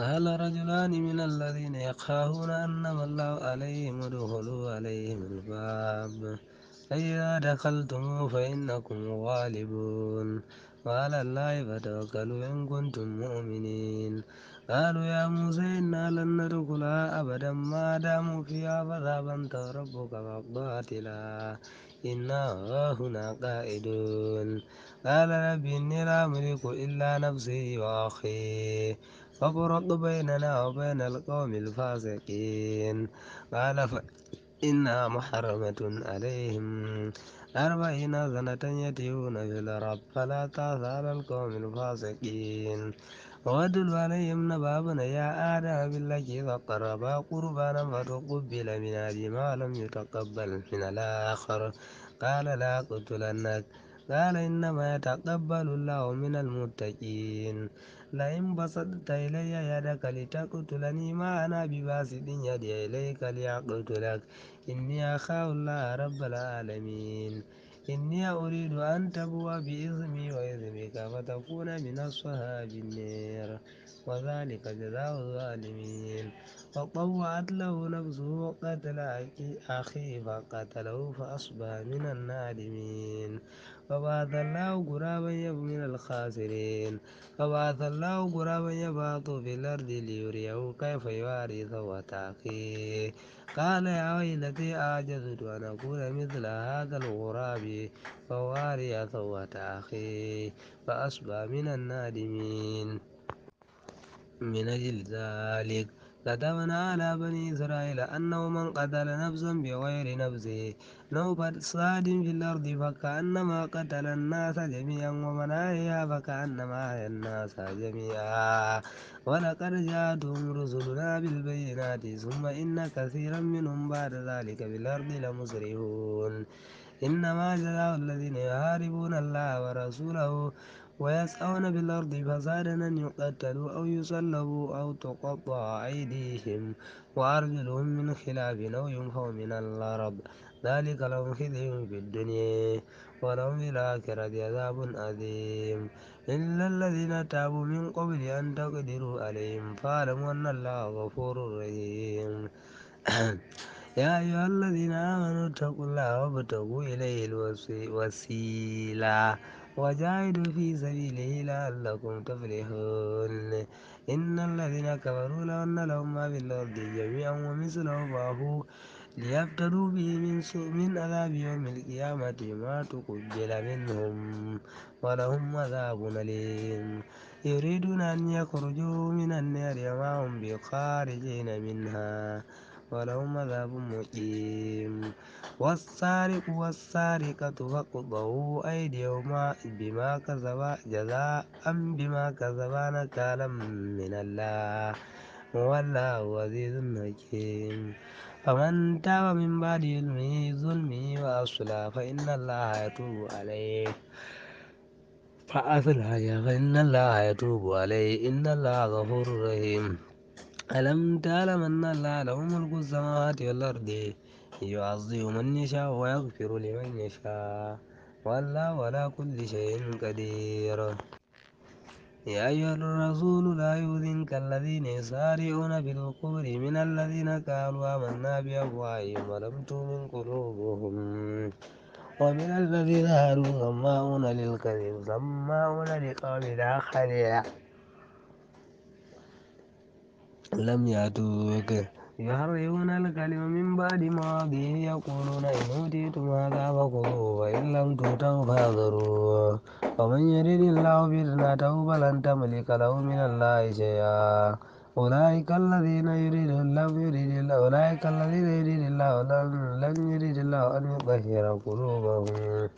قال رجلان من الذين يخافون أنما الله عليهم ادخلوا عليهم الباب فإذا دخلتموه فإنكم غالبون وعلى الله فتوكلوا إن كنتم مؤمنين قالوا يا موسى إنا لن ندخلها أبدا ما داموا فيها فذهب أنت ربك فقاتلا إنا هنا قائدون لا لا بإني لا أملك إلا نفسي وأخي ففرق بيننا وبين القوم الفاسقين قال فإنها محرمة عليهم أربعين سنة يتيون في الأرض فلا تأس على القوم الفاسقين واتل عليهم نبابنا يا آدم بالتي فقربا قربانا فتقبل من أبي ما لم يتقبل من الآخر قال لا قتلنك قال إنما يتقبل الله من المتقين لئن بسطت إلي يدك لتقتلني ما أنا بباسط يدي إليك لأقتلك إني أخاف الله رب العالمين إني أريد أن تبوى بإذني وإذنك فتكون من أصحاب النار وذلك جزاء الظالمين فطوعت له نفسه قتل أخيه فقتله فأصبح من النادمين فبعث الله غرابا من الخاسرين فبعث الله غرابا يبعث في الأرض ليريه كيف يواري ثوات أخيه قال يا ويلتي أعجزت أن أكون مثل هذا الغراب فواري ثوات أخيه فأصبح من النادمين من أجل ذلك كتبنا على بني إسرائيل أنه من قتل نفسا بغير نفسه لو صاد في الأرض فكأنما قتل الناس جميعا ومن عليها فكأنما على الناس جميعا ولقد جاءتهم رسلنا بالبينات ثم إن كثيرا منهم بعد ذلك في الأرض لمسرفون إنما جزاء الذين يحاربون الله ورسوله ويسعون في الأرض فسادا أن يقتلوا أو يصلبوا أو تقطع أيديهم وأرجلهم من خلاف أو ينفوا من الأرض ذلك لهم خزي في الدنيا ولهم في الآخرة عذاب عظيم إلا الذين تابوا من قبل أن تقدروا عليهم فاعلموا أن الله غفور رحيم يا أيها الذين آمنوا اتقوا الله وابتغوا إليه الوسيلة وجاهدوا في سبيله لعلكم تفلحون إن الذين كفروا لأن لهم ما في الأرض جميعا ومثله معه ليفتروا به من سوء من عذاب يوم القيامة ما تقبل منهم ولهم عذاب أليم يريدون أن يخرجوا من النار وما هم بخارجين منها ولهم عذاب مقيم والسارق والسارقة فاقضوا أيديهما بما كسبا جزاء بما كسبا نكالا من الله والله عزيز حكيم فمن تاب من بعد علمه ظلمه وأصلح فإن الله يتوب عليه فأصلح فإن الله يتوب عليه إن الله غفور رحيم ألم تعلم أن الله له ملك السماوات والأرض يعظم من يشاء ويغفر لمن يشاء والله على كل شيء قدير يا أيها الرسول لا يؤذنك الذين يسارعون بالكفر من الذين قالوا آمنا بأفواههم ولم تؤمن قلوبهم ومن الذين هادوا سماعون للكذب سماعون لقوم آخرين لم يأتوك يحرفون الكلم من بعد مواضعه يقولون إن أوتيتم هذا فخذوه وإن لم تؤتوا فاحذروا ومن يرد الله فتنته فلن تملك له من الله شيئا أولئك الذين يريد الله يريد الله أولئك الذين يريد الله لن يريد الله أن يطهر قلوبهم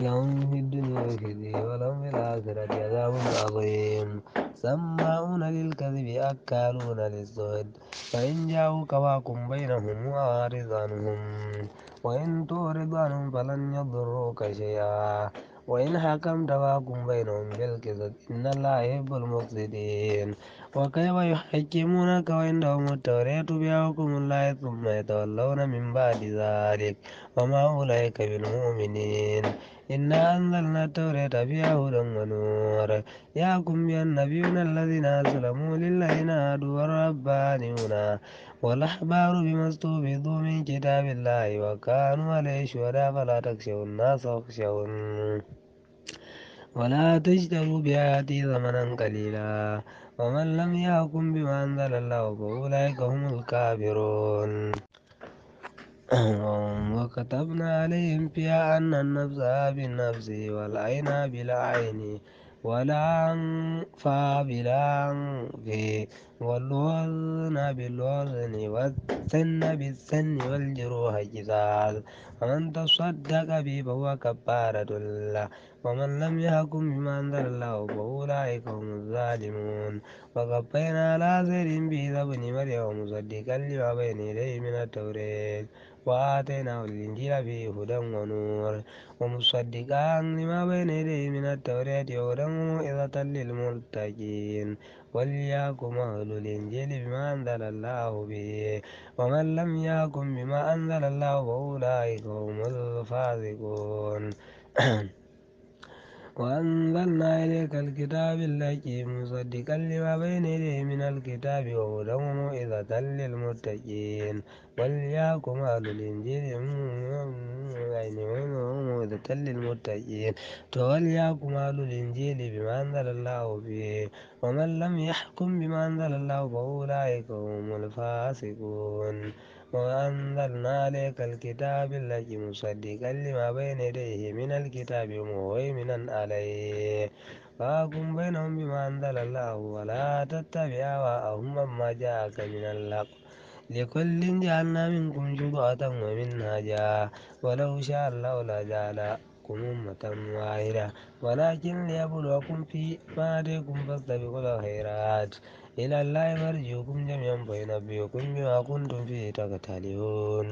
لهم في الدنيا خزي ولهم في الآخرة عذاب عظيم سماعون للكذب أكالون للزهد فإن جاءوك واقم بينهم وأعرض وإن تعرض عنهم فلن يضروك شيئا وإن حكمت واقم بينهم بالقسط إن الله يحب المفسدين وكيف يحكمون وعندهم التوراة بها حكم الله ثم يتولون من بعد ذلك وما أولئك بالمؤمنين إنا أنزلنا التوراة فيها هدى ونور يحكم بها النبيون الذين أسلموا للذين هادوا والربانيون والأحبار بما استوفضوا من كتاب الله وكانوا عليه شهداء فلا تخشوا الناس واخشون ولا تشتروا بآياتي ثمنا قليلا ومن لم يحكم بما أنزل الله فأولئك هم الكافرون وكتبنا عليهم فيها أن النفس بالنفس والعين بالعين ولان فبلان والوزن بالوزن والثن بالثن والجروح جزال ومن تصدق به فهو كفارة الله ومن لم يحكم بما أنزل الله فأولئك هم الظالمون وقبينا على سير به ابن مريم مصدقا لما بين يديه من التوريث وآتيناه الإنجيل فيه هدى ونور ومصدقا لما بين يديه من التوراة وهدى وموعظة للمتقين وليحكم أهل الإنجيل بما أنزل الله به ومن لم يكن بما أنزل الله فأولئك هم الفاسقون وأنزلنا إليك الكتاب الذي مصدقا لما بين يديه من الكتاب وهدى وموعظة للمتقين وليحكم أهل الإنجيل موعظة للمتقين وليحكم أهل الإنجيل بما أنزل الله فيه ومن لم يحكم بما أنزل الله فأولئك هم الفاسقون وأنزلنا عليك الكتاب الذي مصدقا لما بين يديه من الكتاب مهيمنا عليه فاقم بينهم بما أنزل الله ولا تتبع أهواءهم مما جاءك من الحق لكل جعلنا منكم شرعة ومنهجا ولو شاء الله لجعلكم أمة واحدة ولكن ليبلوكم فيما آتيكم فاستبقوا الخيرات إلى الله مرجعكم جميعا فينبئكم بما كنتم فيه تختلفون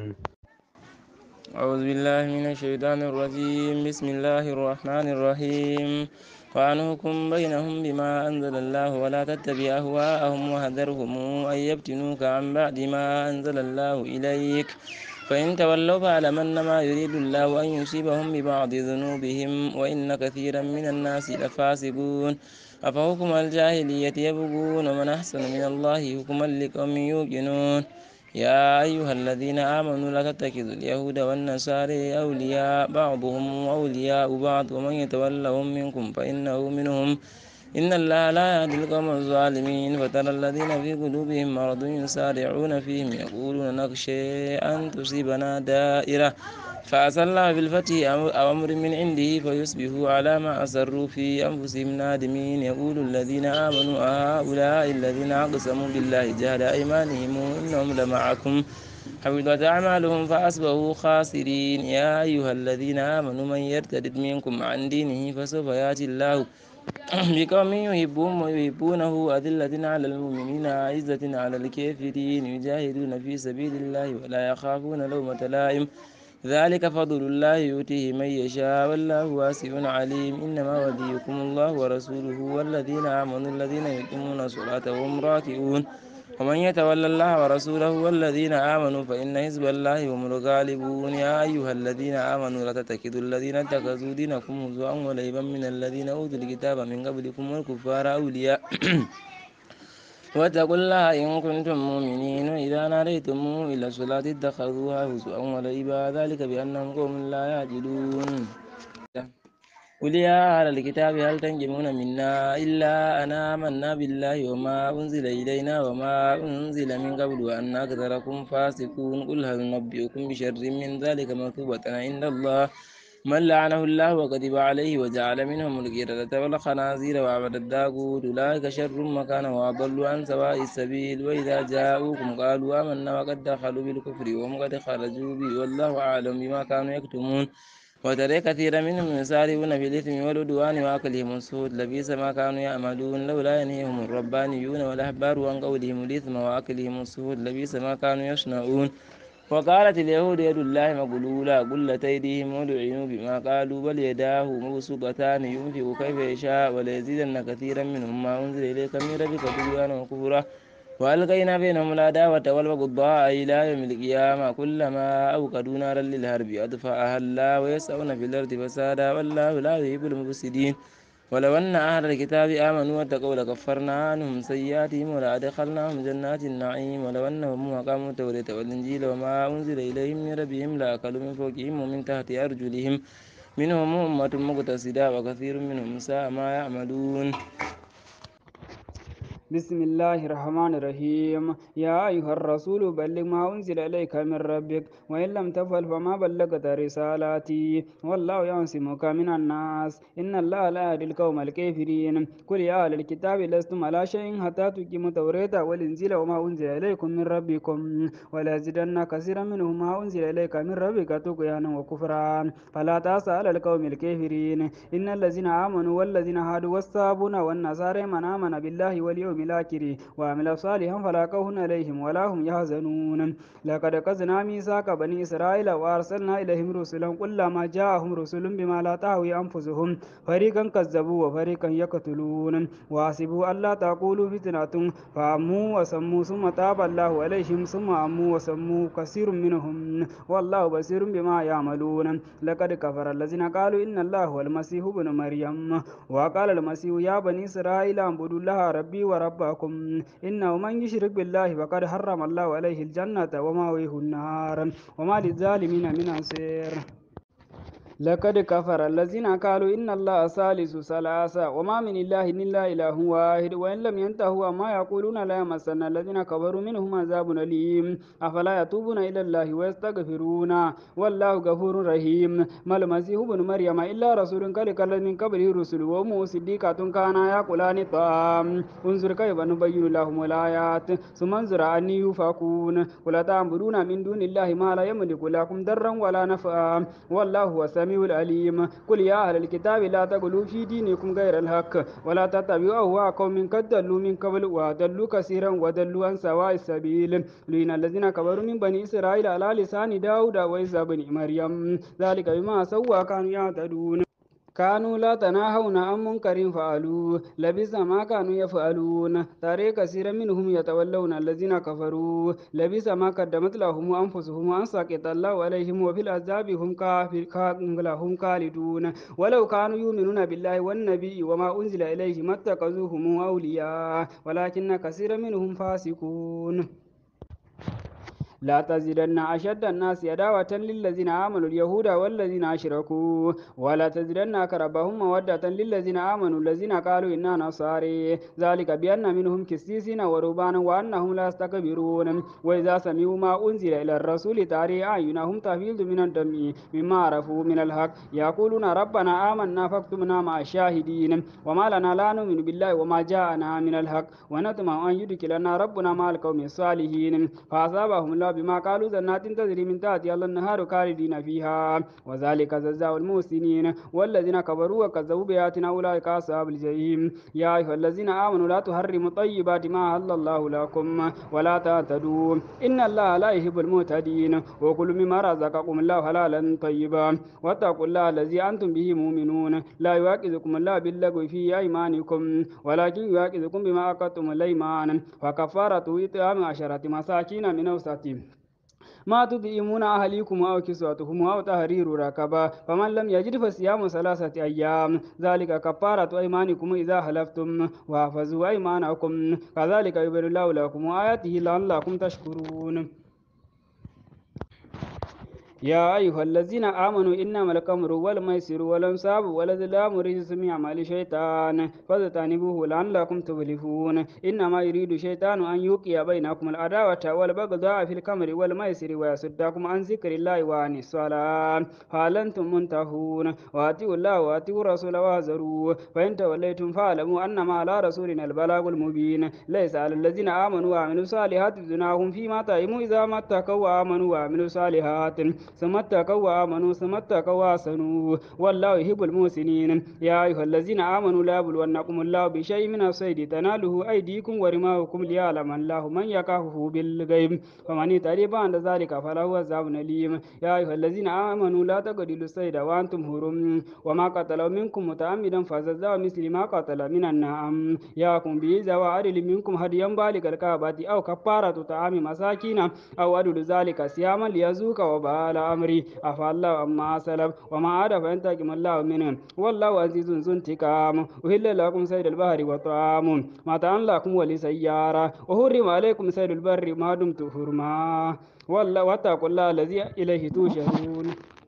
أعوذ بالله من الشيطان الرجيم بسم الله الرحمن الرحيم وعنوكم بينهم بما أنزل الله ولا تتبع أهواءهم وهذرهم أن يبتنوك عن بعد ما أنزل الله إليك فإن تولوا فاعلم ما يريد الله أن يصيبهم ببعض ذنوبهم وإن كثيرا من الناس لفاسقون أفحكم الجاهلية يبغون من أحسن من الله حكما لقوم يوقنون يا أيها الذين آمنوا لا تتخذوا اليهود والنصارى أولياء بعضهم أولياء بعض ومن يتولهم منكم فإنه منهم إن الله لا يهدي القوم الظالمين فترى الذين في قلوبهم مرض يسارعون فيهم يقولون نخشى أن تصيبنا دائرة فأسى الله بالفتح أو أمر من عنده فيصبحوا على ما أسروا في أنفسهم نادمين يقول الذين آمنوا هؤلاء الذين أقسموا بالله جهل أيمانهم إنهم لمعكم حبطت أعمالهم فأصبحوا خاسرين يا أيها الذين آمنوا من يرتد منكم عن دينه فسوف يأتي الله بقوم يحبهم ويحبونه أذلة على المؤمنين عزة على الكافرين يجاهدون في سبيل الله ولا يخافون لومة لائم ذلك فضل الله يؤتيه من يشاء والله واسع عليم إنما وليكم الله ورسوله والذين آمنوا الذين يقيمون الصلاة وهم راكعون ومن يتولى الله ورسوله والذين آمنوا فإن حزب الله هم الغالبون يا أيها الذين آمنوا لا تتخذوا الذين اتخذوا دينكم هزوا ولعبا من الذين أوتوا الكتاب من قبلكم والكفار أولياء واتقوا الله إن كنتم مؤمنين إذا ناديتم إلى الصلاة اتخذوها هزوا ولعبا ذلك بأنهم قوم لا يعدلون قل يا أهل الكتاب هل تنجمون منا إلا أنا آمنا بالله وما أنزل إلينا وما أنزل من قبل وأن أكثركم فاسقون قل هل نبئكم بشر من ذلك مثوبة عند الله من لعنه الله وكتب عليه وجعل منهم القردة والخنازير وعبد الداقوت أولئك شر مكانا وأضل عن سواء السبيل وإذا جاءوكم قالوا آمنا وقد دخلوا بالكفر وهم قد خرجوا به والله أعلم بما كانوا يكتمون وترى كثيرا منهم يسارعون في الإثم والعدوان وأكلهم السهود لبئس ما كانوا يعملون لولا ينهيهم الربانيون والأحبار عن قولهم الإثم وأكلهم السهود لبئس ما كانوا يصنعون وقالت اليهود يد الله مغلولة قلت أيديهم ولعنوا بما قالوا بل يداه مبسوطتان ينفق كيف يشاء وليزيدن كثيرا منهم ما أنزل إليك من ربك طغيانا وكفرا وألقينا بينهم العداوة والبغضاء إلى يوم القيامة كلما أوقدوا نارا للهرب أطفأها الله ويسعون في الأرض فسادا والله لا يحب المفسدين ولو أن أهل الكتاب آمنوا واتقوا لكفرنا عنهم سيئاتهم ولأدخلناهم جنات النعيم ولو أنهم أقاموا التوراة والإنجيل وما أنزل إليهم من ربهم لأكلوا من فوقهم ومن تحت أرجلهم منهم أمة مقتصدة وكثير منهم ساء ما يعملون بسم الله الرحمن الرحيم يا أيها الرسول بلغ ما أنزل إليك من ربك وإن لم تفعل فما بلغت رسالتي والله يعصمك من الناس إن الله لا يهدي القوم الكافرين قل يا أهل الكتاب لستم على شيء حتى تقيموا التوراة والإنجيل وما أنزل إليكم من ربكم ولا زدن كثيرا منهم ما أنزل إليك من ربك طغيانا وكفرا فلا تأس على القوم الكافرين إن الذين آمنوا والذين هادوا والصابون والنصارى من آمن بالله واليوم بالآخرة وعمل صالحا فلا خوف عليهم ولا هم يحزنون لقد قزنا ميساك بني إسرائيل وأرسلنا إليهم رسلا كلما جاءهم رسل بما لا تهوي أنفسهم فريقا كذبوا وفريقا يقتلون واسبوا ألا تقولوا فتنة فأموا وسموا ثم تاب الله عليهم ثم أموا وسموا كثير منهم والله بصير بما يعملون لقد كفر الذين قالوا إن الله هو المسيح ابن مريم وقال المسيح يا بني إسرائيل اعبدوا الله ربي ورب ربكم إنه من يشرك بالله فقد حرم الله عليه الجنة ومأويه النار وما للظالمين من أنصير لقد كفر الذين قالوا إن الله ثالث ثلاثة وما من الله إلا إله واحد وإن لم ينتهوا ما يقولون لا يمسنا الذين كفروا منهم عذاب أليم أفلا يتوبون إلى الله ويستغفرون والله غفور رحيم ما المسيح ابن مريم إلا رسول قد قال من قبله رسل وأمه صديقة كانا يأكلان الطعام انظر كيف نبين لهم الآيات ثم انظر أني يؤفكون ولا تعبدون من دون الله ما لا يملك لكم ضرا ولا نفعا والله هو السميع السميع العليم قل يا أهل الكتاب لا تقولوا في دينكم غير الحق ولا تتبعوا أهواء قوم قد ضلوا من قبل وضلوا كثيرا وضلوا عن سواء السبيل لئن الذين كفروا من بني إسرائيل على لسان داود وإسى بن مريم ذلك بما سوى كانوا يعتدون كانوا لا تناهون عن منكر فعلوه لبئس ما كانوا يفعلون ترى كثيرا منهم يتولون الذين كفروا لبئس ما قدمت لهم أنفسهم ان سكت الله عليهم وفي العذاب هم هم خالدون ولو كانوا يؤمنون بالله والنبي وما أنزل إليه ما اتخذوهم أولياء ولكن كثيرا منهم فاسقون لا تزيدن أشد الناس عداوة للذين آمنوا اليهود والذين أشركوا ولا تزيدن أقربهم مودة للذين آمنوا الذين قالوا إنا نصاري ذلك بأن منهم كسيسين ورهبانا وأنهم لا يستكبرون وإذا سمعوا ما أنزل إلى الرسول تاري أعينهم تفيض من الدم مما عرفوا من الحق يقولون ربنا آمنا فاكتبنا مع الشاهدين وما لنا لا نؤمن بالله وما جاءنا من الحق ونتمع أن يدخلنا ربنا مع القوم الصالحين فأصابهم الله بما قالوا زنات تزري من تاتي الله النهار كاردين فيها وذلك جزاء المحسنين والذين كبروا وكذبوا بآياتنا أولئك أصحاب الجحيم يا أيها الذين آمنوا لا تحرموا طيبات ما أحل الله لكم ولا تعتدوا إن الله لا يحب المعتدين وكل مما رزقكم الله حلالا طيبا واتقوا الله الذي أنتم به مؤمنون لا يواكذكم الله باللغو في أيمانكم ولكن يواكذكم بما أقدتم الأيمان فكفارة إطعام عشرة مساكين من أوسطهم ما تطعمون أهليكم أو كسوتهم أو تهرير رقبة فمن لم يجد فصيام ثلاثة أيام ذلك كفارة أيمانكم إذا حلفتم وحفظوا أيمانكم كذلك يبين الله لكم آياته لعلكم تشكرون يا أيها الذين آمنوا إنما الخمر والميسر والأنصاب والأزلام رجس من أعمال الشيطان فاجتنبوه لعلكم تفلحون إنما يريد الشيطان أن يوقع بينكم العداوة والبغضاء في الخمر والميسر ويصدكم عن ذكر الله وعن الصلاة فهل أنتم منتهون وأتوا الله وأتوا الرسول واحذروا فإن توليتم فاعلموا أنما على رسولنا البلاغ المبين ليس على الذين آمنوا وعملوا الصالحات جناح فيما طعموا إذا ما اتقوا وآمنوا وعملوا صالحات ثم اتقوا وآمنوا ثم اتقوا وأحسنوا والله يحب المحسنين يا أيها الذين آمنوا لا يبلونكم الله بشيء من الصيد تناله أيديكم ورماؤكم ليعلم الله من يقاه بالغيب ومن اتري بعد ذلك فله عذاب أليم يا أيها الذين آمنوا لا تقتلوا الصيد وأنتم حرم وما قتلوا منكم متعمدا فجزاء مثل ما قتل من النعم ياكم به ذوى منكم هديا بالغ الكعبة أو كفارة طعام مساكين أو عدل ذلك صياما ليذوق وبالا أمري أفعل ما سلب وما عاد كم الله منهم والله عزيز ذو وهل لكم سيد البحر وطعام ما متاعا لكم ولسيارة وحرم عليكم سيد البر ما دمت حرما والله واتقوا الله الذي إليه توشهون